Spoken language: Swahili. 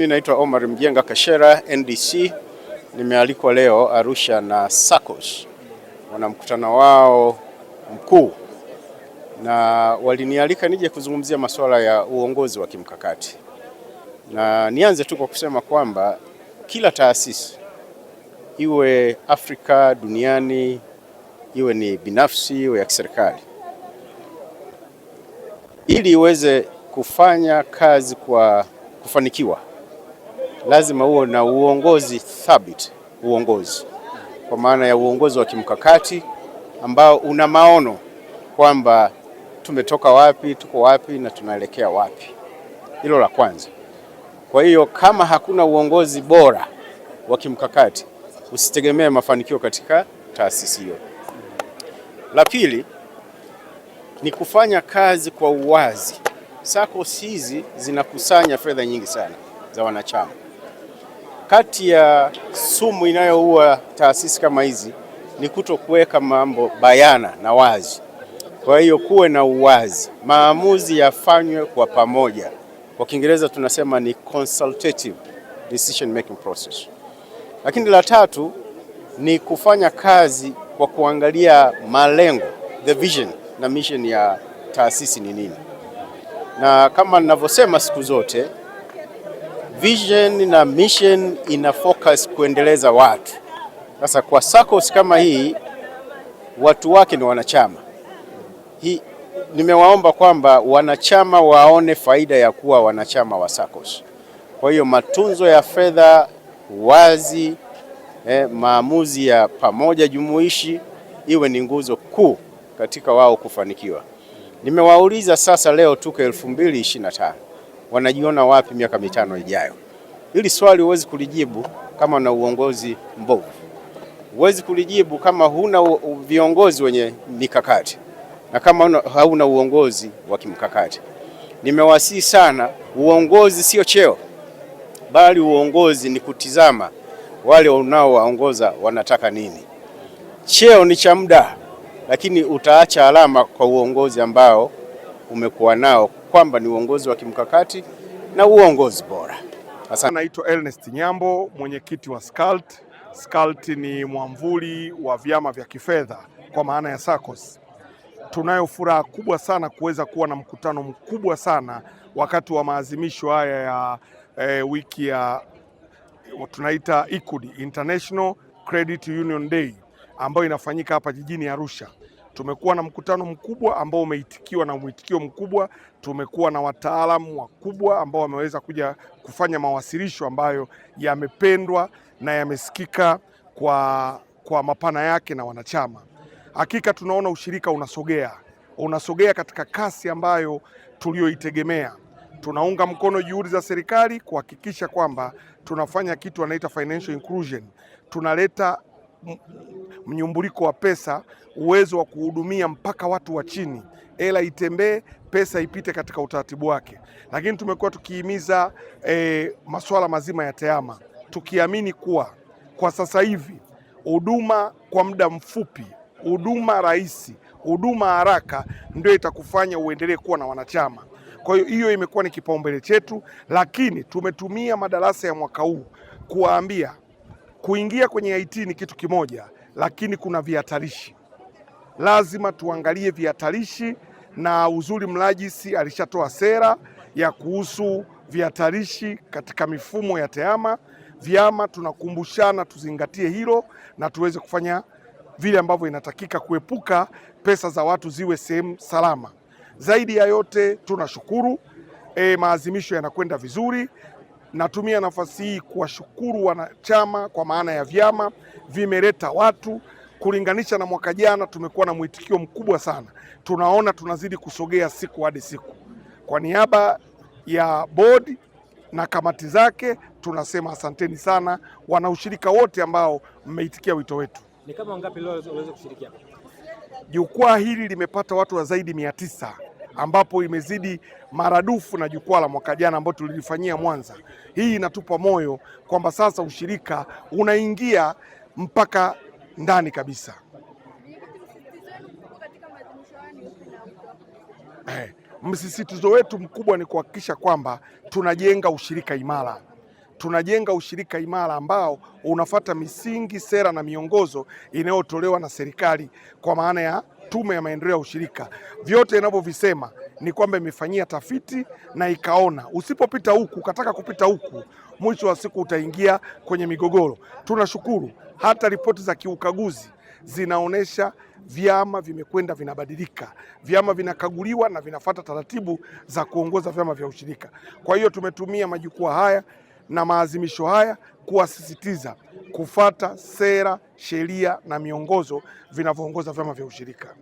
Mimi naitwa Omar Mjenga Kashera, NDC. Nimealikwa leo Arusha na SACCOS, wana mkutano wao mkuu, na walinialika nije kuzungumzia masuala ya uongozi wa kimkakati, na nianze tu kwa kusema kwamba kila taasisi iwe Afrika, duniani, iwe ni binafsi, iwe ya kiserikali, ili iweze kufanya kazi kwa kufanikiwa lazima huo na uongozi thabiti, uongozi kwa maana ya uongozi wa kimkakati ambao una maono kwamba tumetoka wapi, tuko wapi na tunaelekea wapi. Hilo la kwanza. Kwa hiyo kama hakuna uongozi bora wa kimkakati, usitegemee mafanikio katika taasisi hiyo. La pili ni kufanya kazi kwa uwazi. SACCOS hizi zinakusanya fedha nyingi sana za wanachama, kati ya sumu inayoua taasisi kama hizi ni kuto kuweka mambo bayana na wazi. Kwa hiyo kuwe na uwazi, maamuzi yafanywe kwa pamoja. Kwa Kiingereza tunasema ni consultative decision making process. Lakini la tatu ni kufanya kazi kwa kuangalia malengo, the vision na mission ya taasisi ni nini, na kama ninavyosema siku zote vision na mission ina focus kuendeleza watu. Sasa kwa SACCOS kama hii watu wake ni wanachama hii, nimewaomba kwamba wanachama waone faida ya kuwa wanachama wa SACCOS. Kwa hiyo matunzo ya fedha wazi, eh, maamuzi ya pamoja jumuishi iwe ni nguzo kuu katika wao kufanikiwa. Nimewauliza sasa leo tuko 2025 wanajiona wapi miaka mitano ijayo? Hili swali huwezi kulijibu kama na uongozi mbovu, huwezi kulijibu kama huna viongozi wenye mikakati na kama hauna uongozi wa kimkakati. Nimewasihi sana, uongozi sio cheo, bali uongozi ni kutizama wale unaowaongoza wanataka nini. Cheo ni cha muda, lakini utaacha alama kwa uongozi ambao umekuwa nao kwamba ni uongozi wa kimkakati na uongozi bora. Asante. Naitwa Ernest Nyambo, mwenyekiti wa SCCULT. SCCULT ni mwamvuli wa vyama vya kifedha kwa maana ya SACCOS. Tunayo furaha kubwa sana kuweza kuwa na mkutano mkubwa sana wakati wa maadhimisho haya ya e, wiki ya tunaita ICUD, International Credit Union Day ambayo inafanyika hapa jijini Arusha. Tumekuwa na mkutano mkubwa ambao umeitikiwa na mwitikio mkubwa. Tumekuwa na wataalamu wakubwa ambao wameweza kuja kufanya mawasilisho ambayo yamependwa na yamesikika kwa, kwa mapana yake na wanachama. Hakika tunaona ushirika unasogea, unasogea katika kasi ambayo tuliyoitegemea. Tunaunga mkono juhudi za serikali kuhakikisha kwamba tunafanya kitu anaita financial inclusion, tunaleta mnyumbuliko wa pesa, uwezo wa kuhudumia mpaka watu wa chini, hela itembee, pesa ipite katika utaratibu wake. Lakini tumekuwa tukihimiza e, eh, masuala mazima ya tehama, tukiamini kuwa kwa sasa hivi huduma kwa muda mfupi, huduma rahisi, huduma haraka ndio itakufanya uendelee kuwa na wanachama. Kwa hiyo hiyo imekuwa ni kipaumbele chetu, lakini tumetumia madarasa ya mwaka huu kuwaambia Kuingia kwenye IT ni kitu kimoja, lakini kuna vihatarishi. Lazima tuangalie vihatarishi, na uzuri mlajisi alishatoa sera ya kuhusu vihatarishi katika mifumo ya tehama. Vyama tunakumbushana tuzingatie hilo na tuweze kufanya vile ambavyo inatakika kuepuka pesa za watu ziwe sehemu salama. Zaidi ya yote tunashukuru e, maazimisho yanakwenda vizuri. Natumia nafasi hii kuwashukuru wanachama kwa maana ya vyama, vimeleta watu kulinganisha na mwaka jana. Tumekuwa na mwitikio mkubwa sana, tunaona tunazidi kusogea siku hadi siku. Kwa niaba ya bodi na kamati zake tunasema asanteni sana wanaushirika wote ambao mmeitikia wito wetu. Ni kama wangapi leo waweze kushiriki Jukwaa hili limepata watu wa zaidi mia tisa ambapo imezidi maradufu na jukwaa la mwaka jana ambao tulilifanyia Mwanza. Hii inatupa moyo kwamba sasa ushirika unaingia mpaka ndani kabisa. Eh, msisitizo wetu mkubwa ni kuhakikisha kwamba tunajenga ushirika imara tunajenga ushirika imara ambao unafata misingi, sera na miongozo inayotolewa na serikali kwa maana ya Tume ya Maendeleo ya Ushirika, vyote inavyovisema ni kwamba imefanyia tafiti na ikaona usipopita huku ukataka kupita huku, mwisho wa siku utaingia kwenye migogoro. Tunashukuru hata ripoti za kiukaguzi zinaonyesha vyama vimekwenda vinabadilika, vyama vinakaguliwa na vinafata taratibu za kuongoza vyama vya ushirika. Kwa hiyo tumetumia majukwaa haya na maazimisho haya kuwasisitiza kufata sera, sheria na miongozo vinavyoongoza vyama vya ushirika.